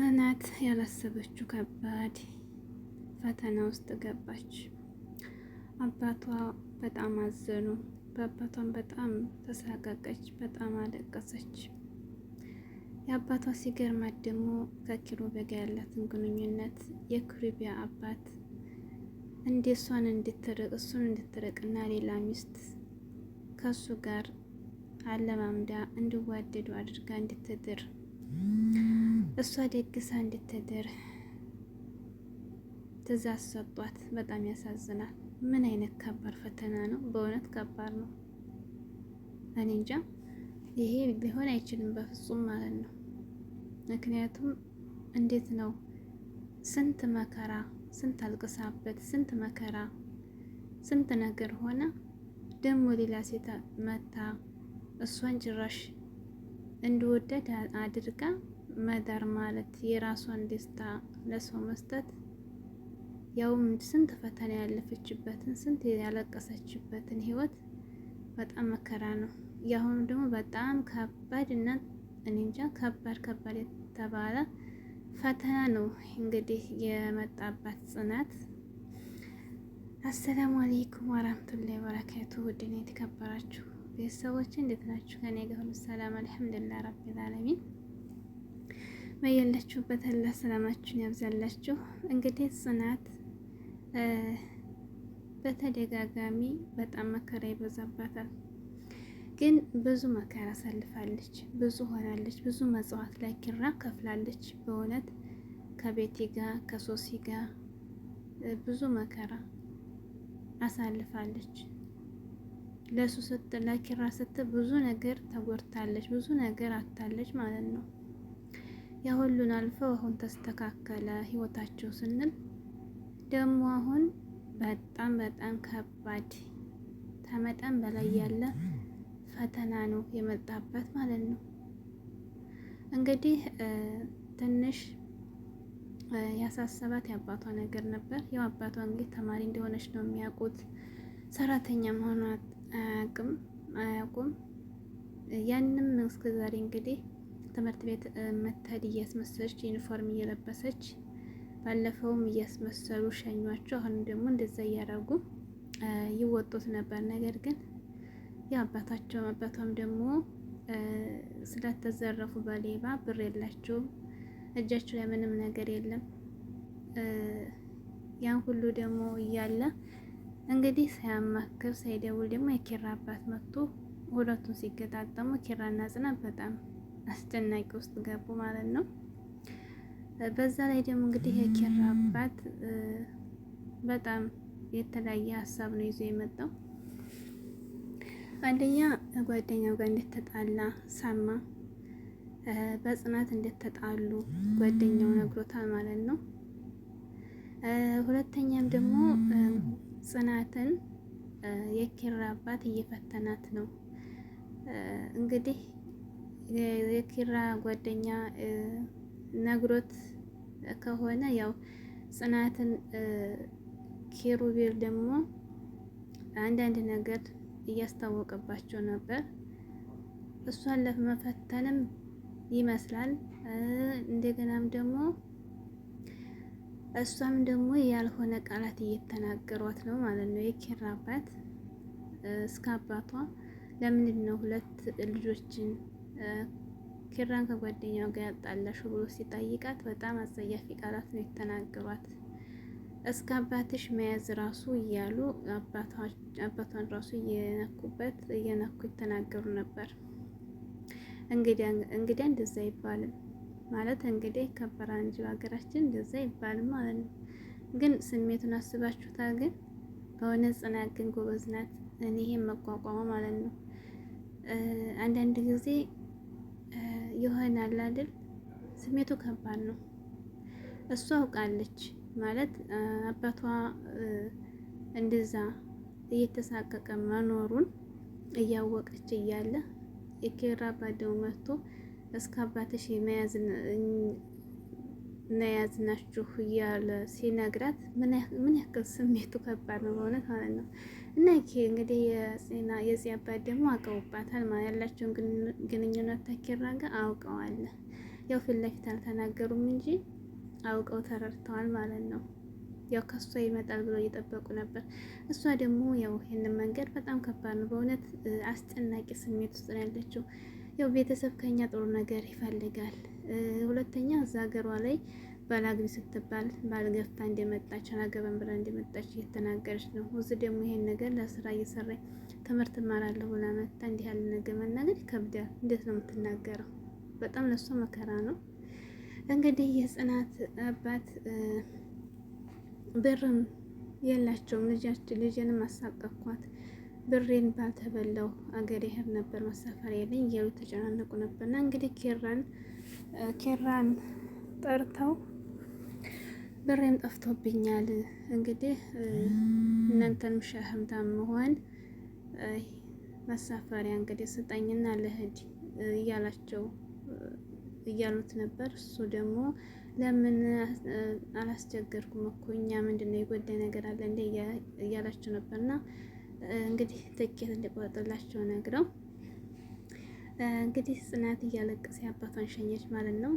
ጽናት ያላሰበችው ከባድ ፈተና ውስጥ ገባች። አባቷ በጣም አዘኑ። በአባቷን በጣም ተሳቀቀች፣ በጣም አለቀሰች። የአባቷ ሲገርማት ደግሞ ከኪሮ በጋ ያላትን ግንኙነት የክሪቢያ አባት እንዴ እሷን እንድትርቅ እሱን እንድትርቅና ሌላ ሚስት ከሱ ጋር አለማምዳ እንዲዋደዱ አድርጋ እንድትድር እሷ ደግሳ እንድትድር ትእዛዝ ሰጧት። በጣም ያሳዝናል። ምን አይነት ከባድ ፈተና ነው! በእውነት ከባድ ነው። እኔ እንጃ ይሄ ሊሆን አይችልም በፍጹም ማለት ነው። ምክንያቱም እንዴት ነው ስንት መከራ ስንት አልቅሳበት ስንት መከራ ስንት ነገር ሆነ ደግሞ ሌላ ሴት መታ እሷን ጭራሽ እንድወደድ አድርጋ መዳር ማለት የራሷን ደስታ ለሰው መስጠት ያውም ስንት ፈተና ያለፈችበትን ስንት ያለቀሰችበትን ህይወት በጣም መከራ ነው። ያሁኑ ደግሞ በጣም ከባድ እና እኔ እንጃ ከባድ ከባድ የተባለ ፈተና ነው እንግዲህ የመጣባት ጽናት። አሰላሙ አለይኩም ወራህመቱላሂ ወበረካቱ ውድና የተከበራችሁ ቤተሰቦች እንዴት ናችሁ? ከኔ ጋር ሁሉ ሰላም አልሐምዱሊላህ ረቢል ዓለሚን። በያላችሁበት አላህ ሰላማችሁን ያብዛላችሁ። እንግዲህ ጽናት በተደጋጋሚ በጣም መከራ ይበዛባታል። ግን ብዙ መከራ አሳልፋለች፣ ብዙ ሆናለች፣ ብዙ መጽዋዕት ላይ ኪራ ከፍላለች። በእውነት ከቤቲ ጋር ከሶሲ ጋር ብዙ መከራ አሳልፋለች። ለሱ ስትል ለኪራ ስትል ብዙ ነገር ተጎድታለች፣ ብዙ ነገር አታለች ማለት ነው። የሁሉን አልፎ አሁን ተስተካከለ ህይወታቸው ስንል ደግሞ አሁን በጣም በጣም ከባድ ከመጠን በላይ ያለ ፈተና ነው የመጣበት ማለት ነው። እንግዲህ ትንሽ ያሳሰባት የአባቷ ነገር ነበር። ያው አባቷ እንግዲህ ተማሪ እንደሆነች ነው የሚያውቁት ሰራተኛ መሆኗ አያውቅም አያውቁም። ያንም እስከ ዛሬ እንግዲህ ትምህርት ቤት መታድ እያስመሰለች ዩኒፎርም እየለበሰች ባለፈውም እያስመሰሉ ሸኟቸው። አሁን ደግሞ እንደዛ እያደረጉ ይወጡት ነበር። ነገር ግን የአባታቸው አባቷም ደግሞ ስለተዘረፉ በሌባ ብር የላቸውም፣ እጃቸው ላይ ምንም ነገር የለም። ያን ሁሉ ደግሞ እያለ እንግዲህ ሳያማክር ሳይደውል ደግሞ የኪራ አባት መጥቶ ሁለቱን ሲገጣጠሙ ኪራና ጽናት በጣም አስጨናቂ ውስጥ ገቡ ማለት ነው። በዛ ላይ ደግሞ እንግዲህ የኪራ አባት በጣም የተለያየ ሀሳብ ነው ይዞ የመጣው። አንደኛ ጓደኛው ጋር እንደተጣላ ሰማ፣ በጽናት እንደተጣሉ ጓደኛው ነግሮታል ማለት ነው። ሁለተኛም ደግሞ ጽናትን የኪራ አባት እየፈተናት ነው። እንግዲህ የኪራ ጓደኛ ነግሮት ከሆነ ያው ጽናትን ኪሩቤል ደግሞ አንዳንድ ነገር እያስታወቀባቸው ነበር። እሷን ለመፈተንም ይመስላል እንደገናም ደግሞ እሷም ደግሞ ያልሆነ ቃላት እየተናገሯት ነው ማለት ነው። የኪራ አባት እስከ አባቷ ለምንድን ነው ሁለት ልጆችን ኪራን ከጓደኛው ጋር ያጣላሹ ብሎ ሲጠይቃት በጣም አጸያፊ ቃላት ነው የተናገሯት። እስከ አባትሽ መያዝ ራሱ እያሉ አባቷን ራሱ እየነኩበት እየነኩ ይተናገሩ ነበር። እንግዲያ እንደዛ አይባልም። ማለት እንግዲህ ከበራ እንጂ ሀገራችን እንደዛ ይባል ማለት ነው። ግን ስሜቱን አስባችሁታል። ግን በእውነት ጽናት ግን ጎበዝ ናት። እኔ ይሄን ማለት ነው። አንዳንድ ጊዜ ይሆናል አይደል? ስሜቱ ከባድ ነው። እሷ አውቃለች ማለት አባቷ እንደዛ እየተሳቀቀ መኖሩን እያወቀች እያለ የኬራ ባደው መጥቶ እስከ አባትሽ ናችሁ እያለ ሲነግራት ምን ያክል ስሜቱ ከባድ ነው በእውነት ማለት ነው። እና ይሄ እንግዲህ የዚህ አባት ደግሞ አውቀውባታል ማለት ያላቸውን ግንኙነት ተኪራ ጋር አውቀዋል። ያው ፊት ለፊት አልተናገሩም እንጂ አውቀው ተረድተዋል ማለት ነው። ያው ከሷ ይመጣል ብለው እየጠበቁ ነበር። እሷ ደግሞ ያው ይህንን መንገድ በጣም ከባድ ነው በእውነት አስጨናቂ ስሜት ውስጥ ነው ያለችው። ያው ቤተሰብ ከኛ ጥሩ ነገር ይፈልጋል። ሁለተኛ እዛ ሀገሯ ላይ ባላግቢ ስትባል ባልገፍታ እንደመጣች አላገባም ብላ እንደመጣች እየተናገረች ነው። እዚህ ደግሞ ይሄን ነገር ለስራ እየሰራ ትምህርት እማራለሁ ብላ እንዲህ ያለ ነገር መናገር ይከብዳል። እንዴት ነው የምትናገረው? በጣም ለሷ መከራ ነው። እንግዲህ የጽናት አባት ብርም የላቸውም። ልጅንም አሳቀኳት ብሬን ባልተበላው አገር ሄድ ነበር መሳፈሪያ ላይ እያሉ ተጨናነቁ ነበርና እንግዲህ ኬራን ኬራን ጠርተው ብሬን ጠፍቶብኛል፣ እንግዲህ እናንተንም ሻህምታም መሆን መሳፈሪያ እንግዲህ ስጠኝና ለህድ እያላቸው እያሉት ነበር። እሱ ደግሞ ለምን አላስቸገርኩም እኮ እኛ ምንድነው የጎዳይ ነገር አለ እንደ እያላቸው ነበርና እንግዲህ ትኬት እንዲቆርጥላቸው ነግረው እንግዲህ ጽናት እያለቀሰ አባቷን ሸኘች ማለት ነው።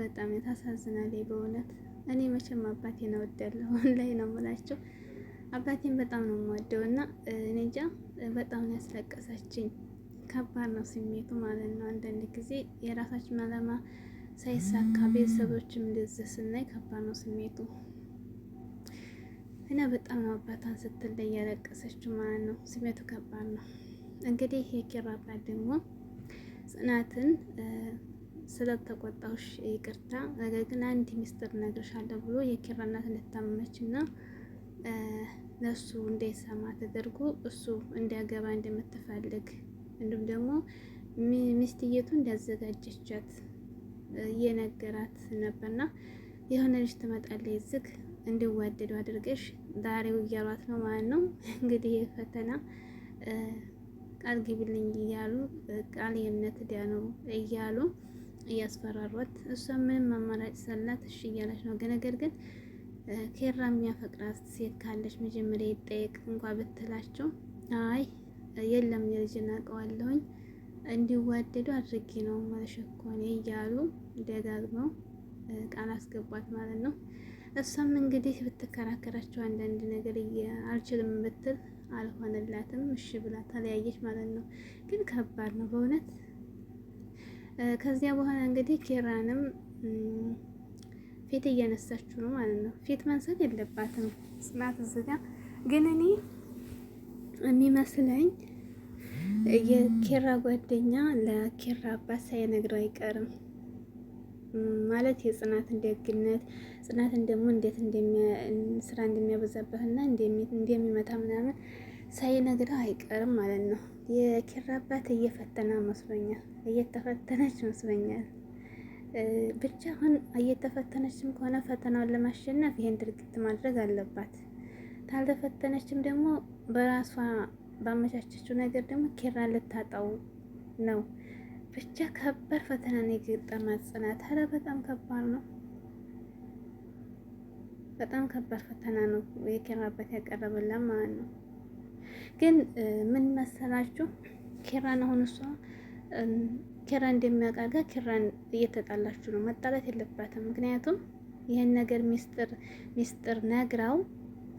በጣም ታሳዝናል በእውነት እኔ መቼም አባቴን እወዳለሁ ላይ ነው የምላቸው። አባቴን በጣም ነው የምወደው እና እኔ እንጃ በጣም ያስለቀሰችኝ። ከባድ ነው ስሜቱ ማለት ነው። አንዳንድ ጊዜ የራሳችን አላማ ሳይሳካ ቤተሰቦችም እንደዚህ ስናይ ከባድ ነው ስሜቱ። እና በጣም ነው አባቷን ስትል ያለቀሰች ማለት ነው። ስሜቱ ከባድ ነው። እንግዲህ የኪራ አባት ደግሞ ጽናትን ስለተቆጣሁሽ ይቅርታ፣ ነገር ግን አንድ ሚስጥር እነግርሻለሁ ብሎ የኪራ እናት እንድታመመች እና ለእሱ እንዳይሰማ ተደርጎ እሱ እንዲያገባ እንደምትፈልግ እንዲሁም ደግሞ ሚስትየቱ እንዳዘጋጀቻት እየነገራት ነበርና የሆነ ልጅ ትመጣለች ዝግ እንዲዋደዱ አድርገሽ ዛሬው እያሏት ነው ማለት ነው። እንግዲህ የፈተና ፈተና ቃል ግቢልኝ እያሉ ቃል የእምነት ነው እያሉ እያስፈራሯት፣ እሷ ምንም አማራጭ ሰላት እሺ እያለች ነው። ነገር ግን ኬራ የሚያፈቅራት ሴት ካለች መጀመሪያ ይጠየቅ እንኳ ብትላቸው አይ የለም የልጅ እናውቀዋለሁኝ እንዲዋደዱ አድርጌ ነው መለሸኮኔ እያሉ ደጋግመው ቃል አስገቧት ማለት ነው። እሷም እንግዲህ ብትከራከራቸው አንዳንድ ነገር አልችልም ብትል አልሆነላትም። እሺ ብላ ተለያየች ማለት ነው። ግን ከባድ ነው በእውነት። ከዚያ በኋላ እንግዲህ ኬራንም ፊት እያነሳችሁ ነው ማለት ነው። ፊት መንሰት የለባትም ጽናት እዚጋ። ግን እኔ የሚመስለኝ የኬራ ጓደኛ ለኬራ አባት ሳይነግረው አይቀርም። ማለት የጽናትን ደግነት ጽናትን ደግሞ እንዴት ስራ እንደሚያበዛበት እና እንደሚመታ ምናምን ሳይነግረው አይቀርም ማለት ነው። የኪራ አባት እየፈተና መስሎኛል፣ እየተፈተነች መስሎኛል። ብቻ አሁን እየተፈተነችም ከሆነ ፈተናውን ለማሸነፍ ይሄን ድርጊት ማድረግ አለባት። ካልተፈተነችም ደግሞ በራሷ ባመቻቸችው ነገር ደግሞ ኪራ ልታጣው ነው። ብቻ ከባድ ፈተና ነው የገጠማት ጽናት። ኧረ በጣም ከባድ ነው፣ በጣም ከባድ ፈተና ነው የኪራበት ያቀረበላት ማለት ነው። ግን ምን መሰላችሁ ኪራን አሁን እሷ ኪራ እንደሚያቃጋ ኪራን እየተጣላችሁ ነው። መጣላት የለባትም ምክንያቱም ይህን ነገር ሚስጥር ሚስጥር ነግራው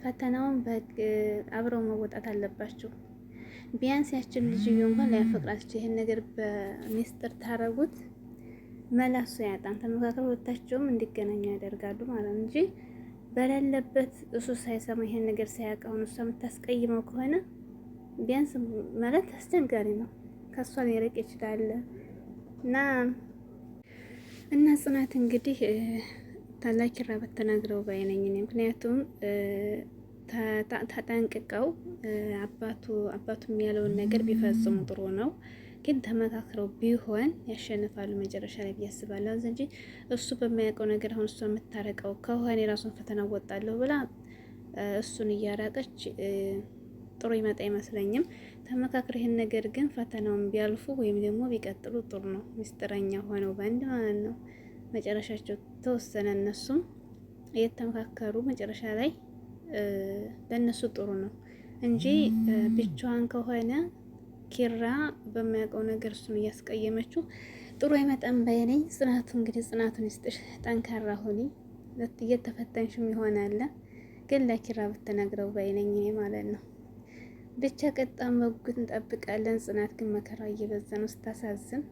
ፈተናውን አብረው መወጣት አለባችሁ። ቢያንስ ያችን ልጅ እንኳን ላያፈቅራችሁ ይሄን ነገር በሚስጥር ታረጉት መላሱ ያጣን ተመካከል ወታቸውም እንዲገናኙ ያደርጋሉ ማለት እንጂ በሌለበት እሱ ሳይሰማ ይሄን ነገር ሳያውቀው እሷ የምታስቀይመው ከሆነ ቢያንስ ማለት አስቸጋሪ ነው። ከእሷ ሊርቅ ይችላል እና እና ጽናት እንግዲህ ታላኪ ራ በተናግረው ባይነኝ ምክንያቱም ተጠንቅቀው አባቱ አባቱ የሚያለውን ነገር ቢፈጽሙ ጥሩ ነው። ግን ተመካክረው ቢሆን ያሸንፋሉ መጨረሻ ላይ ብዬ እንጂ እሱ በማያውቀው ነገር አሁን እሷ የምታረቀው ከሆነ የራሱን ፈተና ወጣለሁ ብላ እሱን እያራቀች ጥሩ ይመጣ አይመስለኝም። ተመካክር ይህን ነገር ግን ፈተናውን ቢያልፉ ወይም ደግሞ ቢቀጥሉ ጥሩ ነው። ሚስጥረኛ ሆነው በአንድ ማለት ነው መጨረሻቸው ተወሰነ። እነሱም የተመካከሩ መጨረሻ ላይ ለእነሱ ጥሩ ነው እንጂ ብቻዋን ከሆነ ኪራ በሚያውቀው ነገር እሱን እያስቀየመችው ጥሩ አይመጣም ባይነኝ። ጽናቱ እንግዲህ ጽናቱን ይስጥሽ፣ ጠንካራ ሁኒ፣ እየተፈተንሽም ይሆናል። ግን ለኪራ ብትነግረው ባይነኝ እኔ ማለት ነው። ብቻ ቀጣም በጉጉት እንጠብቃለን። ጽናት ግን መከራ እየበዛ ነው፣ ስታሳዝን